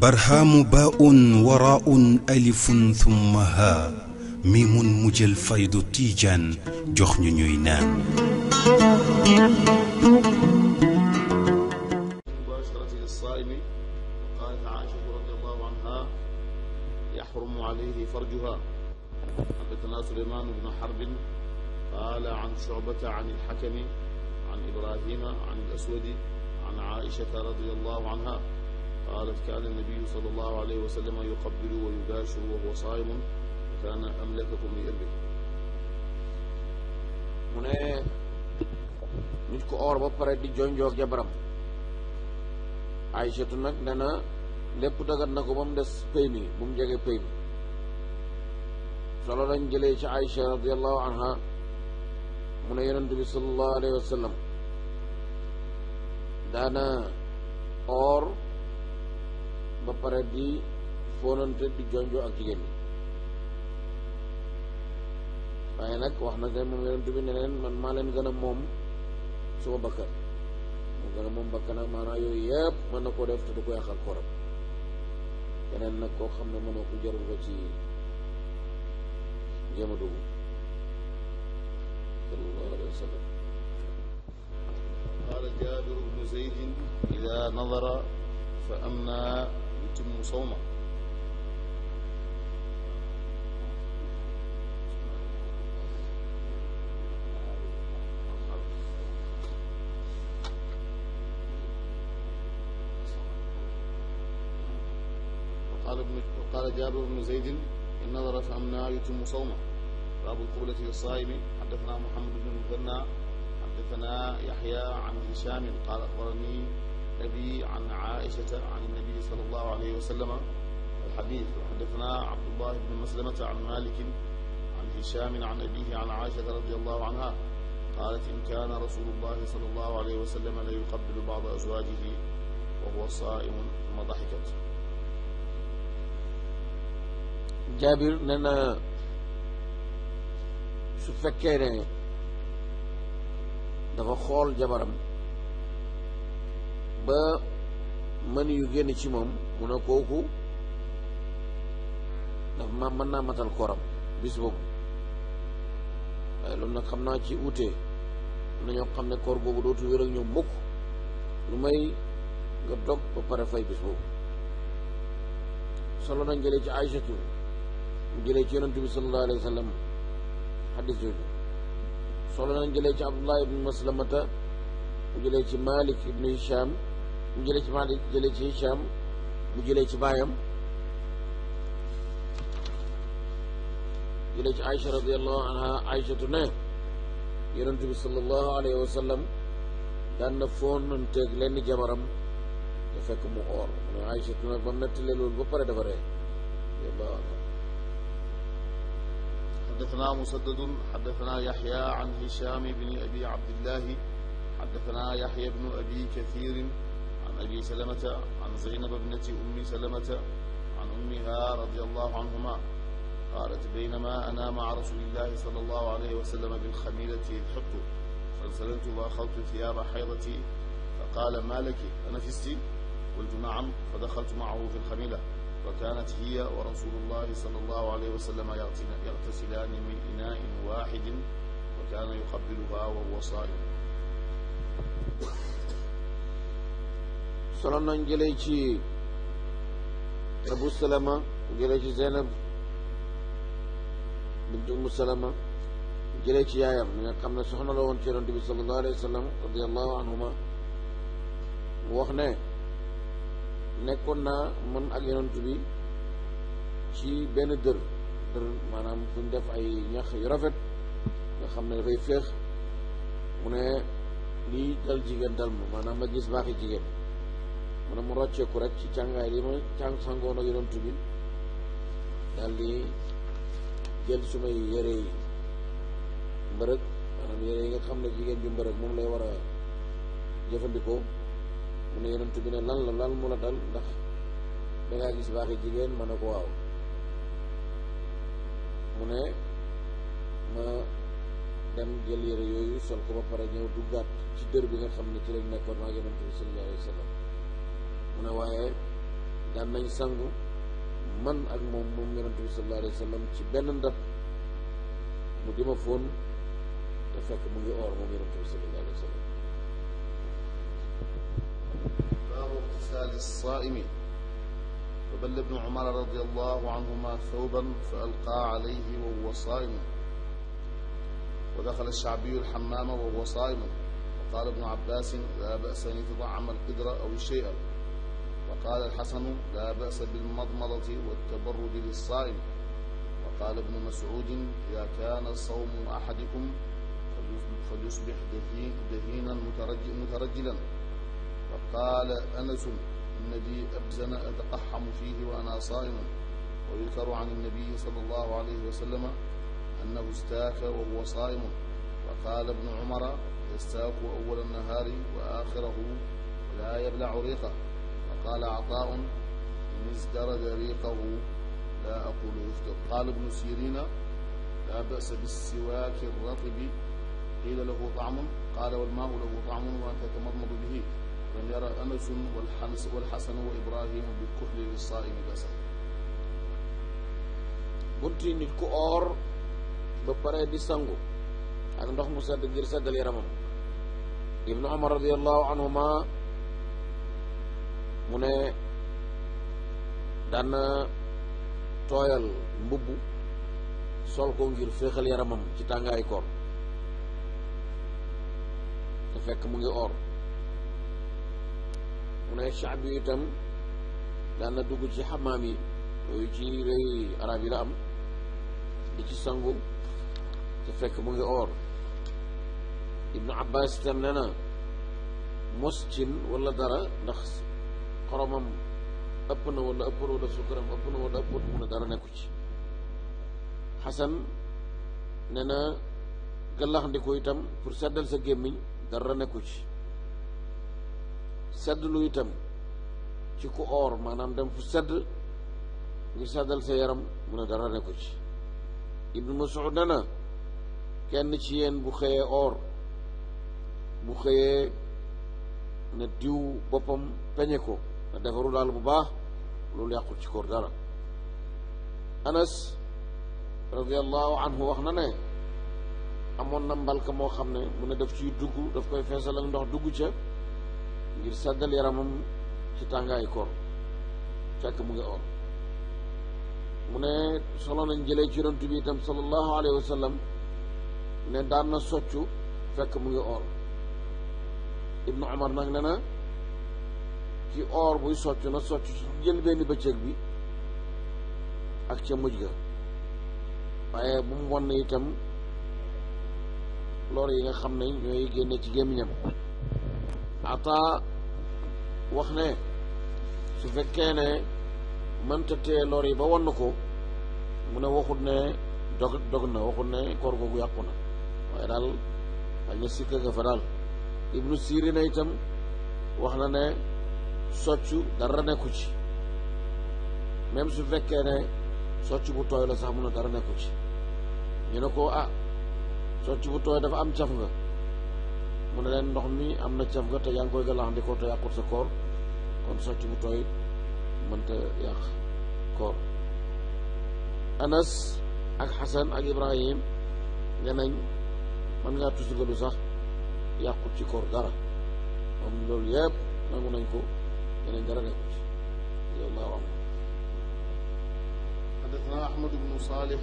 برهام باء وراء ألف ثم ها ميم مجل فيض تيجان جخن نينان مباشرة للصائم قالت عائشة رضي الله عنها يحرم عليه فرجها حدثنا سليمان بن حرب قال عن شعبة عن الحكم عن إبراهيم عن الأسود عن عائشة رضي الله عنها قالت كان النبي صلى الله عليه وسلم يقبل ويباشر وهو صائم وكان أملككم لقلبه هنا nit ku or ba pare di jonjoog jabaram Aysatu nag nee na lépp dagat na ko ba mu des pay mi bu mu jege pay mi solo lañ jëlee ci Aysa radiyallahu anha mu ne yonent bi sallallahu alayhi wa sallam dana or beperedi volonté di jonjo ak jigéen ñi waaye nag wax na kay moom yonent bi ne leen man maa leen gën a moom suma bakkan moo gën a moom bakkan ak maanaam yooyu yëpp mën def te du ko yàq ak keneen nag koo xam ne mënoo ko ko ci jéem a sallallahu alayhi wa جابر بن زيد إذا نظر فأما يتم صومه قال ابن جابر بن زيد إن نظر فأمنا يتم صومه باب القبلة للصائم حدثنا محمد بن المثنى حدثنا يحيى عن هشام قال أخبرني أبي عن عائشة عن النبي صلى الله عليه وسلم الحديث وحدثنا عبد الله بن مسلمة عن مالك عن هشام عن أبيه عن عائشة رضي الله عنها قالت إن كان رسول الله صلى الله عليه وسلم لا يقبل بعض أزواجه وهو صائم ثم ضحكت جابر لنا شو فكرين يعني؟ dafa xool jabaram ba mën yu génn ci moom mu ne kooku daf ma mën naa matal koram bis boobu waaye loolu nag xam naa ci wuute na xam ne koor boobu dootu wér ak mukk lu may nga dog ba pare fay bis boobu solo nañ jëlee ci aïchatu mu jëlee ci yonentu bi sallallahu alayhi wa sallam xadis jooju solo nañ jëlee ci abdullah maslamata mu jëlee ci malik ibn hisham mu jëlee ci malik jëlee ci hisham mu jëlee ci baayam jëlee ci aïcha radiallahu anha aïchatu ne yonent bi sallallahu alayhi wa sallam daan na foonanteeg jabaram te mu oor mu ne aïchatu nag ba mu nettalee pare dafa حدثنا مسدد حدثنا يحيى عن هشام بن أبي عبد الله حدثنا يحيى بن أبي كثير عن أبي سلمة عن زينب ابنة أم سلمة عن أمها رضي الله عنهما قالت بينما أنا مع رسول الله صلى الله عليه وسلم بالخميلة إذ حبت فانسللت وأخذت ثياب حيضتي فقال ما لك أنفستي قلت نعم فدخلت معه في الخميلة وكانت هي ورسول الله صلى الله عليه وسلم يغتسلان من إناء واحد وكان يقبلها وهو صائم سنن جلي شي أبو سلمة وجلت زينب بنت أم سلمة jëlee ci yaayam mi nga xam ne soxna la woon ci yonent bi sallallahu alayhi wa sallam nekkoon naa man ak yonent bi ci benn dër dër maanaam fu ñu def ay ñax yu rafet nga xam ne dafay féex mu ne lii dal jigéen dal ma maanaam ma gis baaxi jigéen mu ne mu rocceeku rek ci càngaay li ma càng sangoon ak yonent bi daal di jël sumay yére yi mbërëg maanaam yére yi nga xam ne jigéen ju mbërëg moom lay war a jëfandikoo mu ne yonent bi ne lan la lan mu la dal ndax dangaa gis baaxi jigéen ma ne ko waaw mu ne ma dem jël yére yooyu sol ko ba pare ñëw duggaat ci dër bi nga xam ne ci lañ nekkoon maa yonent bi sallallahu alayhi wa sallam mu ne waaye daan nañ sangu man ak moom moom yonent bi sallallahu alayhi wa sallam ci benn ndab mu ma te fekk mu ngi or moom yonent bi sallallahu alayhi wa sallam والإمسال الصائمين فبل ابن عمر رضي الله عنهما ثوبا فألقى عليه وهو صائم ودخل الشعبي الحمام وهو صائم وقال ابن عباس لا بأس أن يتطعم القدرة أو الشيء وقال الحسن لا بأس بالمضمضة والتبرد للصائم وقال ابن مسعود إذا كان صوم أحدكم فليصبح دهينا مترجلا فقال أنس الذي أبزن أتقحم فيه وأنا صائم ويذكر عن النبي صلى الله عليه وسلم أنه استاك وهو صائم فقال ابن عمر يستاك أول النهار وآخره لا يبلع ريقه فقال عطاء إن ازدرد ريقه لا أقول يفتر قال ابن سيرين لا بأس بالسواك الرطب قيل له طعم قال والماء له طعم وأنت تمضمض به lam yara anasun walxans walxasanu wa ibrahimu bi kuhli li saaimi basa nit ku oor ba pare di sangu ak ndox mu sedd ngir seddal yaramam ibnu umar radiallahu anhuma mu ne dana tooyal mbubu sol ko ngir féexal yaramam ci tàngaayu koor te fekk mu ngi oor mu ne chaab yu itam daan dugg ci xamaam yi yooyu ci réew arab yi la am di ci sangu te fekk mu ngi oor ibnu abbas itam ne na mos cin wala dara ndax xoromam ëpp na wala ëppul wala sukaram ëpp na wala ëppul mu ne dara nekku ci xasan ne na gàllaxndiku itam pour seddal sa gémmiñ dara nekku ci sedd lu itam ci ku oor maanaam dem fu sedd ngir seddal sa yaram mu ne dara ne ko ci ibnu Mas'ud ne na kenn ci yéen bu xëyee oor bu xëyee na diw boppam peñe ko na defaru daal bu baax loolu yàqul ci koor dara anas radiallahu anhu wax na ne amoon na mbalka moo xam ne mu ne def ciy dugg daf koy feesal ak ndox dugg ca ngir sàggal yaramam ci tàngaay koor fekk mu ngi oor mu ne solo nañ jëlee ci yonent bi itam sallallahu alayhi wa sallam ne daan na soccu fekk mu ngi oor ibnu Umar nag ne na ci oor buy soccu na soccu ci jël benn bëccëg bi ak ca mujj ga waaye bu mu won itam loolu yi nga xam ne ñooy génne ci gémmiñam ata wax ne su fekkee ne mënta tee lor yi ba won ko mu ne waxut ne dog dog na waxut ne koor gu yàqu na waaye daal xaj na sikka nga fa daal ibnu sirina itam wax na ne soccu dara nekku ci même su fekkee ne socc bu tooy la sax mun a dara nekku ci ñu ne ko ah socc bu tooy dafa am caf nga mu ne leen ndox mi am na caf nga te yaa ngi koy galaxandikoo te yàqut sa koor kon socc bu tooy mënta yàq koor anas ak xasan ak ibrahim ne nañ mën ngaa tusurgalu sax yàqut ci koor dara moom loolu yëpp nangu nañ ko ne nañ dara nekkut حدثنا أحمد بن صالح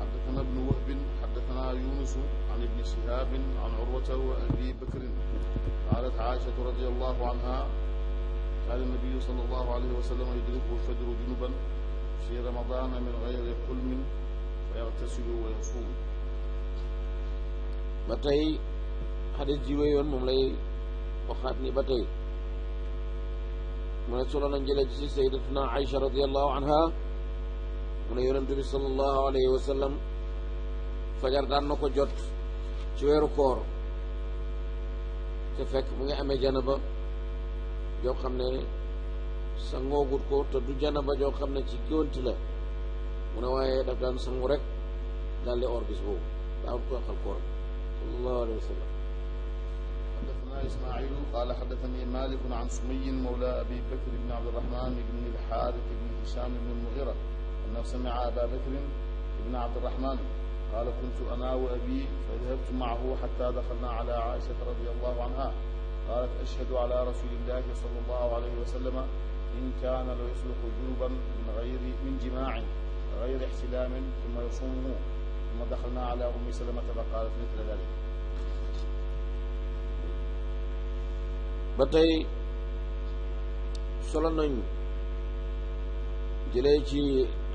حدثنا ابن وهب حدثنا يونس عن ابن شهاب عن عروة وأبي بكر قالت عائشة رضي الله عنها قال النبي صلى الله عليه وسلم يدركه الفجر جنبا في رمضان من غير حلم فيغتسل ويصوم ba حديث جيوي ji wéyoon moom lay waxaat ni ba tey mu ne solo nañ من يرنتبي صلى الله عليه وسلم فجر دانو كو جوت تي ويرو كور تي فك ميغي امي جنبا جو خامني سانغو غور كو تدو جنبا جو خامني تي كيونت لا من واي دا دان سانغو ريك دال لي اور بيسبو دا كو خال كور صلى الله عليه وسلم حدثنا اسماعيل قال حدثني مالك عن سمي مولى ابي بكر بن عبد الرحمن بن الحارث بن هشام بن المغيره أنه سمع أبا بكر بن عبد الرحمن قال كنت أنا وأبي فذهبت معه حتى دخلنا على عائشة رضي الله عنها قالت أشهد على رسول الله صلى الله عليه وسلم إن كان ليصلح جنوبا من غير من جماع غير احتلام ثم يصومه ثم دخلنا على أم سلمة فقالت مثل ذلك ba tey solo jëlee ci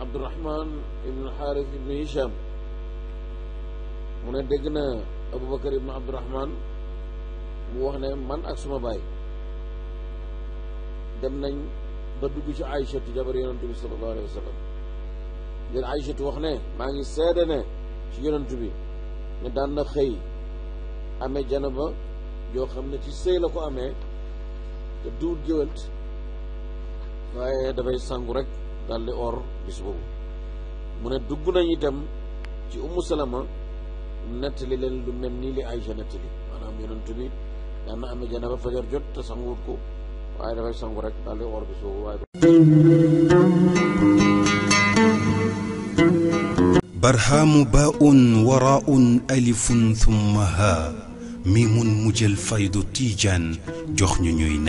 abdurahman ibn xaaris ibn hisham mu ne dégg na aboubacar ibn abdurahman mu wax ne man ak suma baay dem nañ ba dugg ci aïchatu jabar yonentu bi sallallahu alayhi wa sallam ngir aïchatu wax ne maa ngi seede ne ci yonentu bi ne daan na xëy ame janaba yoo xam ne ci sëy la ko amee te duut géwént waaye dafay sangu rek daal nañu itam ci ummu salama nettali leen na amee janaba fajar jot barhaamu baa'un waraa'un alifun thumma haa miimun mu jël faydu tiijaan jox ñu ñuy